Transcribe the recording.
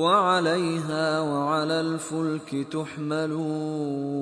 وعليها وعلى الفلك تحملون